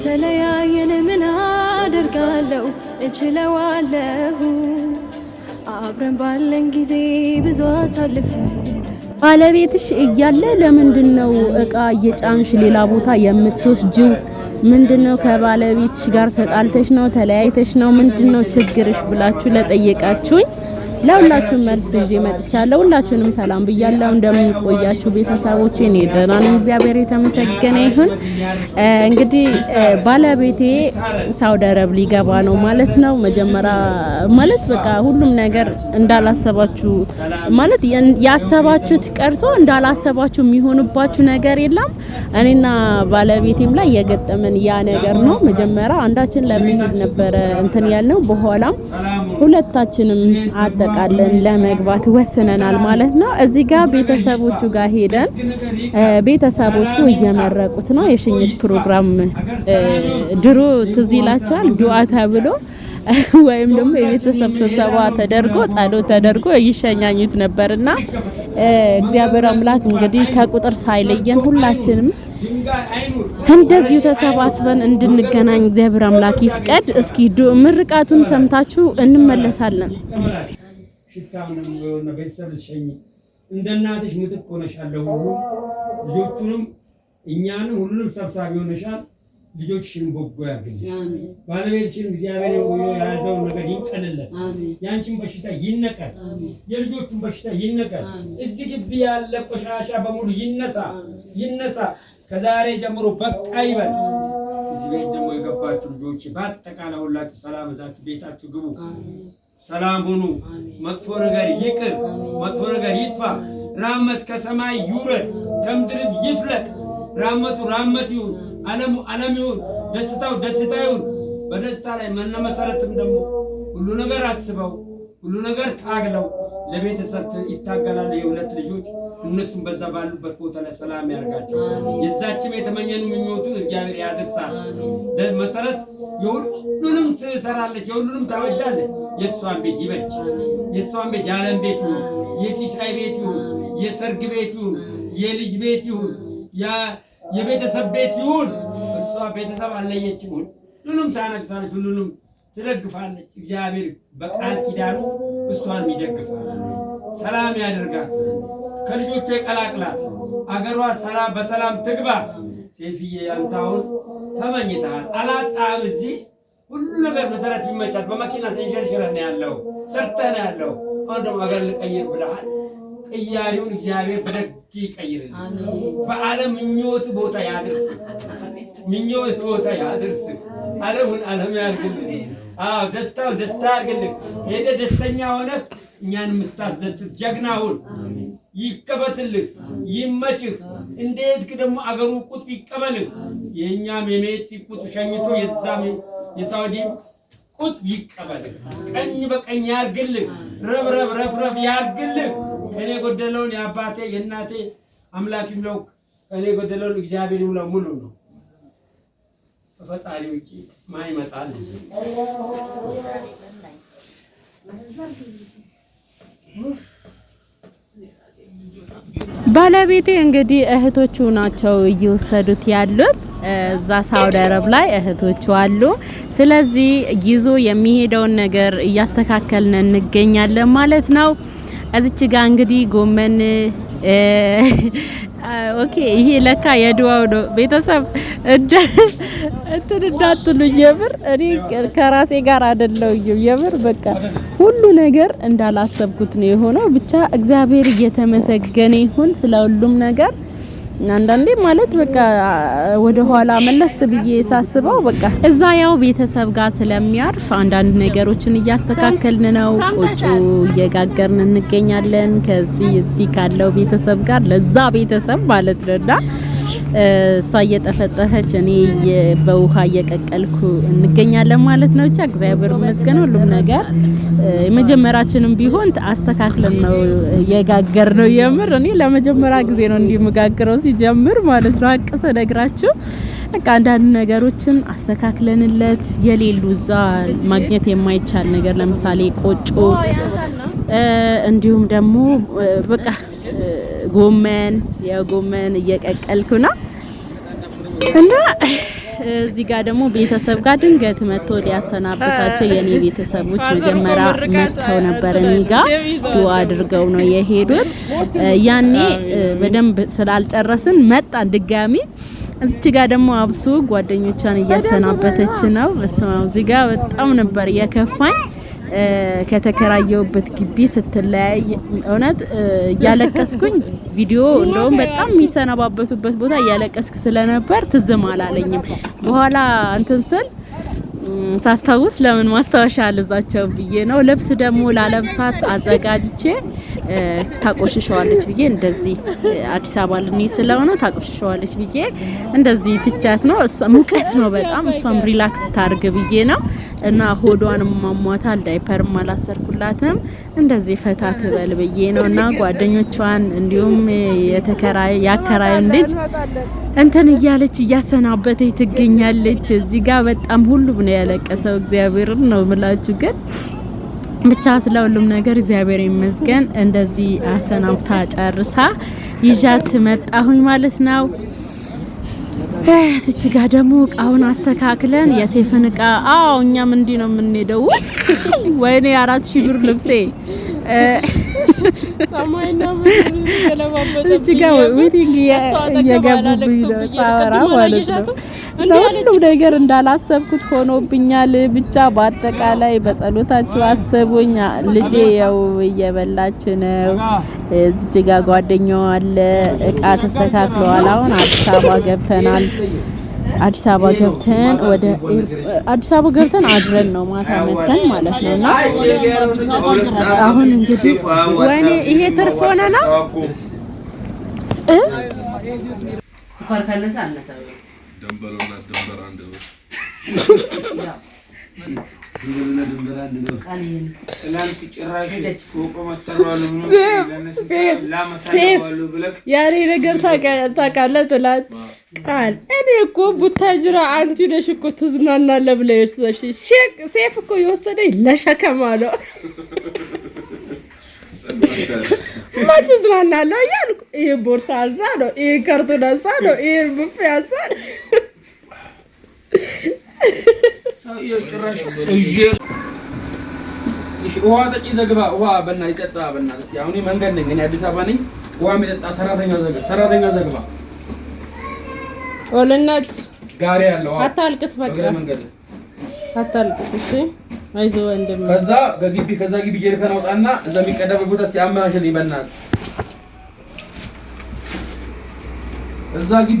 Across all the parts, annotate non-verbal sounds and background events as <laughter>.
ከተለያየን ምን አደርጋለሁ እችለዋለሁ አብረን ባለን ጊዜ ብዙ አሳልፍ ባለቤትሽ እያለ ለምንድን ነው እቃ እየጫንሽ ሌላ ቦታ የምትወስጂው? ምንድን ነው ከባለቤትሽ ጋር ተጣልተሽ ነው ተለያይተሽ ነው ምንድን ነው ችግርሽ ብላችሁ ለጠየቃችሁኝ ለሁላችሁም መልስ ይዤ መጥቻለሁ። ሁላችሁንም ሰላም ብያለሁ። እንደምንቆያችሁ ቤተሰቦች እኔ ደህና ነኝ፣ እግዚአብሔር የተመሰገነ ይሁን። እንግዲህ ባለቤቴ ሳውዲ አረብ ሊገባ ነው ማለት ነው። መጀመሪያ ማለት በቃ ሁሉም ነገር እንዳላሰባችሁ ማለት ያሰባችሁት ቀርቶ እንዳላሰባችሁ የሚሆንባችሁ ነገር የለም። እኔና ባለቤቴም ላይ የገጠመን ያ ነገር ነው። መጀመሪያ አንዳችን ለመሄድ ነበረ እንትን ያልነው በኋላም ሁለታችንም አጠ እንጠብቃለን ለመግባት ወስነናል ማለት ነው። እዚህ ጋር ቤተሰቦቹ ጋር ሄደን ቤተሰቦቹ እየመረቁት ነው የሽኝት ፕሮግራም። ድሮ ትዝ ይላችኋል ዱዓ ተብሎ <laughs> ወይም ደግሞ የቤተሰብ ስብሰባ ተደርጎ ጸሎት ተደርጎ ይሸኛኙት ነበርና እግዚአብሔር አምላክ እንግዲህ ከቁጥር ሳይለየን ሁላችንም እንደዚሁ ተሰባስበን እንድንገናኝ እግዚአብሔር አምላክ ይፍቀድ። እስኪ ምርቃቱን ሰምታችሁ እንመለሳለን። ሽታ እና ቤተሰብ ልትሸኝ እንደ እናትሽ ምትክ ሆነሻለሁ ሁሉ ልጆቹንም እኛንም ሁሉንም ሰብሳቢ ሆነሻል። ልጆችሽን በጎ ያገኝሽ፣ ባለቤትሽን እግዚአብሔር የያዘውን ነገር ይንቀልለት፣ ያንቺን በሽታ ይነቀል፣ የልጆቹን በሽታ ይነቀል። እዚህ ግቢ ያለ ቆሻሻ በሙሉ ይነሳ ይነሳ፣ ከዛሬ ጀምሮ በቃ ይበል። እዚህ ቤት ደግሞ የገባችሁ ልጆች በአጠቃላይ ሁላችሁ ሰላም እዛችሁ ቤታችሁ ግቡ፣ ሰላም ሁኑ። መጥፎ ነገር ይቅር፣ መጥፎ ነገር ይጥፋ። ራመት ከሰማይ ይውረድ፣ ከምድርም ይፍለቅ። ራመቱ ራመት ይሁን፣ አለሙ አለም ይሁን፣ ደስታው ደስታ ይሁን። በደስታ ላይ መነመሰረትም ደግሞ ሁሉ ነገር አስበው ሁሉ ነገር ታግለው ለቤተሰብ ይታገላሉ። የሁለት ልጆች እነሱም በዛ ባሉበት ቦታ ላይ ሰላም ያርጋቸው። የዛችም የተመኘኑ ምኞቱን እግዚአብሔር ያድርሳት መሰረት የሁሉንም ትሰራለች፣ የሁሉንም ታበጃለች። የእሷን ቤት ይበጅ፣ የእሷን ቤት የዓለም ቤት ይሁን፣ የሲሳይ ቤት ይሁን፣ የሰርግ ቤት ይሁን፣ የልጅ ቤት ይሁን፣ የቤተሰብ ቤት ይሁን። እሷ ቤተሰብ አለየችም። ሁሉንም ታነግሳለች፣ ሁሉንም ትደግፋለች። እግዚአብሔር በቃል ኪዳኑ እሷን ይደግፋት፣ ሰላም ያደርጋት፣ ከልጆቿ ይቀላቅላት፣ አገሯ በሰላም ትግባ። ሴፍዬ አንተ አሁን ተመኝተሃል፣ አላጣም። እዚህ ሁሉ ነገር መሰረት ይመቻል። በመኪና ተንሸርሽረህ ነው ያለው፣ ሰርተህ ነው ያለው። አሁን ደግሞ አገር ልቀይር ብለሃል። ቅያሪውን እግዚአብሔር በደግ ይቀይርልህ። በዓለም ምኞት ቦታ ያድርስ፣ ምኞት ቦታ ያድርስ። ዓለሙን ዓለም ያድርግልህ። አዎ ደስታው ደስታ ያድርግልህ። ሄደህ ደስተኛ ሆነህ እኛን የምታስደስት ጀግና ሁን። ይከፈትልህ፣ ይመችህ እንዴት ደግሞ አገሩ ቁጥብ ይቀበልህ። የእኛም የሜቲ ቁጥብ ሸኝቶ የዛም የሳውዲ ቁጥብ ይቀበልህ። ቀኝ በቀኝ ያርግልህ። ረብረብ ረፍረፍ ያርግልህ። እኔ ጎደለውን የአባቴ የእናቴ አምላክ ይምለው። እኔ ጎደለውን እግዚአብሔር ይምለው። ሙሉ ነው ፈጣሪ ውጭ ማን ይመጣል? ባለቤቴ እንግዲህ እህቶቹ ናቸው እየወሰዱት ያሉት እዛ ሳውዲ አረብ ላይ እህቶቹ አሉ። ስለዚህ ይዞ የሚሄደውን ነገር እያስተካከልን እንገኛለን ማለት ነው። እዚች ጋር እንግዲህ ጎመን ኦኬ ይሄ ለካ የድዋው ነው። ቤተሰብ እንትን እንዳትሉኝ የምር እኔ ከራሴ ጋር አይደለሁም። የምር በቃ ሁሉ ነገር እንዳላሰብኩት ነው የሆነው። ብቻ እግዚአብሔር እየተመሰገነ ይሁን ስለ ሁሉም ነገር። አንዳንዴ ማለት በቃ ወደ ኋላ መለስ ብዬ ሳስበው በቃ እዛ ያው ቤተሰብ ጋር ስለሚያርፍ አንዳንድ ነገሮችን እያስተካከልን ነው። ቁጩ እየጋገርን እንገኛለን። ከዚህ እዚህ ካለው ቤተሰብ ጋር ለዛ ቤተሰብ ማለት ነውና እሷ እየጠፈጠፈች እኔ በውሃ እየቀቀልኩ እንገኛለን ማለት ነው። ብቻ እግዚአብሔር ይመስገን ሁሉም ነገር የመጀመራችንም ቢሆን አስተካክለን ነው የጋገር ነው። የምር እኔ ለመጀመሪያ ጊዜ ነው እንዲህ ሲጀምር ማለት ነው። አቅ ነግራችሁ በቃ አንዳንድ ነገሮችን አስተካክለንለት የሌሉ እዛ ማግኘት የማይቻል ነገር ለምሳሌ ቆጮ እንዲሁም ደግሞ በቃ ጎመን የጎመን እየቀቀልኩ ነው እና እዚህ ጋር ደግሞ ቤተሰብ ጋር ድንገት መጥቶ ሊያሰናብታቸው የኔ ቤተሰቦች መጀመሪያ መጥተው ነበር እኔ ጋር ዱአ አድርገው ነው የሄዱት። ያኔ በደንብ ስላልጨረስን መጣን ድጋሚ። እዚች ጋር ደግሞ አብሱ ጓደኞቿን እያሰናበተች ነው። እሱ እዚህ ጋር በጣም ነበር የከፋኝ። ከተከራየውበት ግቢ ስትለያይ እውነት እያለቀስኩኝ ቪዲዮ እንደውም በጣም የሚሰነባበቱበት ቦታ እያለቀስኩ ስለነበር ትዝም አላለኝም። በኋላ እንትን ስል ሳስታውስ ለምን ማስታወሻ አልዛቸው ብዬ ነው። ልብስ ደግሞ ላለብሳት አዘጋጅቼ ታቆሽሸዋለች ብዬ እንደዚህ አዲስ አበባ ልንሄድ ስለሆነ ታቆሽሸዋለች ብዬ እንደዚህ ትቻት ነው። ሙቀት ነው በጣም እሷም ሪላክስ ታርግ ብዬ ነው እና ሆዷንም ማሟታል ዳይፐርም አላሰርኩላትም እንደዚህ ፈታ ትበል ብዬ ነው እና ጓደኞቿን እንዲሁም የተከራይ ልጅ እንትን እያለች እያሰናበተች ትገኛለች። እዚህ ጋር በጣም ሁሉም ነው ያለቀሰው። እግዚአብሔርን ነው ምላችሁ ግን ብቻ ስለ ሁሉም ነገር እግዚአብሔር ይመስገን። እንደዚህ አሰናብታ ጨርሳ ይዣት መጣሁኝ ማለት ነው። እዚች ጋ ደግሞ እቃውን አስተካክለን የሴፍን እቃ አዎ፣ እኛም እንዲህ ነው የምንሄደው። ወይኔ አራት ሺ ብር ልብሴ እጅጋ ሚቲንግ እየገቡብኝ ነው ሳወራ ማለት ነው። እና ሁሉም ነገር እንዳላሰብኩት ሆኖብኛል። ብቻ በአጠቃላይ በጸሎታችሁ አሰቡኝ። ልጄ ያው እየበላች ነው። እዚች ጋ ጓደኛዋ አለ። እቃ ተስተካክለዋል። አሁን አዲስ አበባ ገብተናል። አዲስ አበባ ገብተን ወደ አዲስ አበባ ገብተን አድረን ነው ማታ መተን ማለት ነው። እና አሁን እንግዲህ ወይኔ ይሄ ትርፍ ሆነ ነው እ ስኳር ካነሰ አነሰ <laughs> ያኔ ነገር ታውቃለህ። ትላት ቃል እኔ እኮ ቡታጅራ አንቺ ነሽ እኮ ትዝናናለህ ብለህ የወሰደሽ ሴፍ እኮ የወሰደኝ ለሸከማ ነው። ማን ትዝናናለህ እያልኩ ይህ ቦርሳ አዛ ነው፣ ይህ ከርቱን አዛ ነው፣ ይህ ብፌ አዛ ነው ውሃ ጠጪ ዘግባ ውሃ በና ይጠጣ በና እስኪ አሁን መንገድ ነኝ እኔ አዲስ አበባ ነኝ። ውሃ የሚጠጣ ሰራተኛ ዘግባ ሰራተኛ ዘግባ ኦልነት ጋሪ ያለው አታልቅስ፣ በቃ አታልቅስ። እሺ አይዞህ ወንድም። ከዛ ከግቢ ከዛ ግቢ ጀሪካን አውጣና እዛ የሚቀደበት ቦታ እስኪ አመናሽልኝ በእናትህ እዛ ግቢ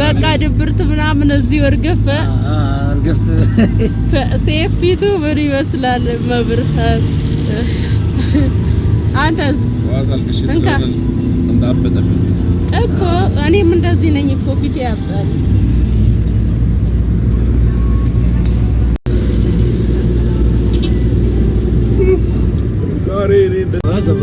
በቃ ድብርት ምናምን እዚህ ወርገፈ አንገፍት ሴፊቱ ምን ይመስላል? መብርሃን አንተስ እንካ እንዳበጠፈ እኮ እኔም እንደዚህ ነኝ እኮ ፊት ያብጣል። ዛሬ እኔ እንደዛ ዘባ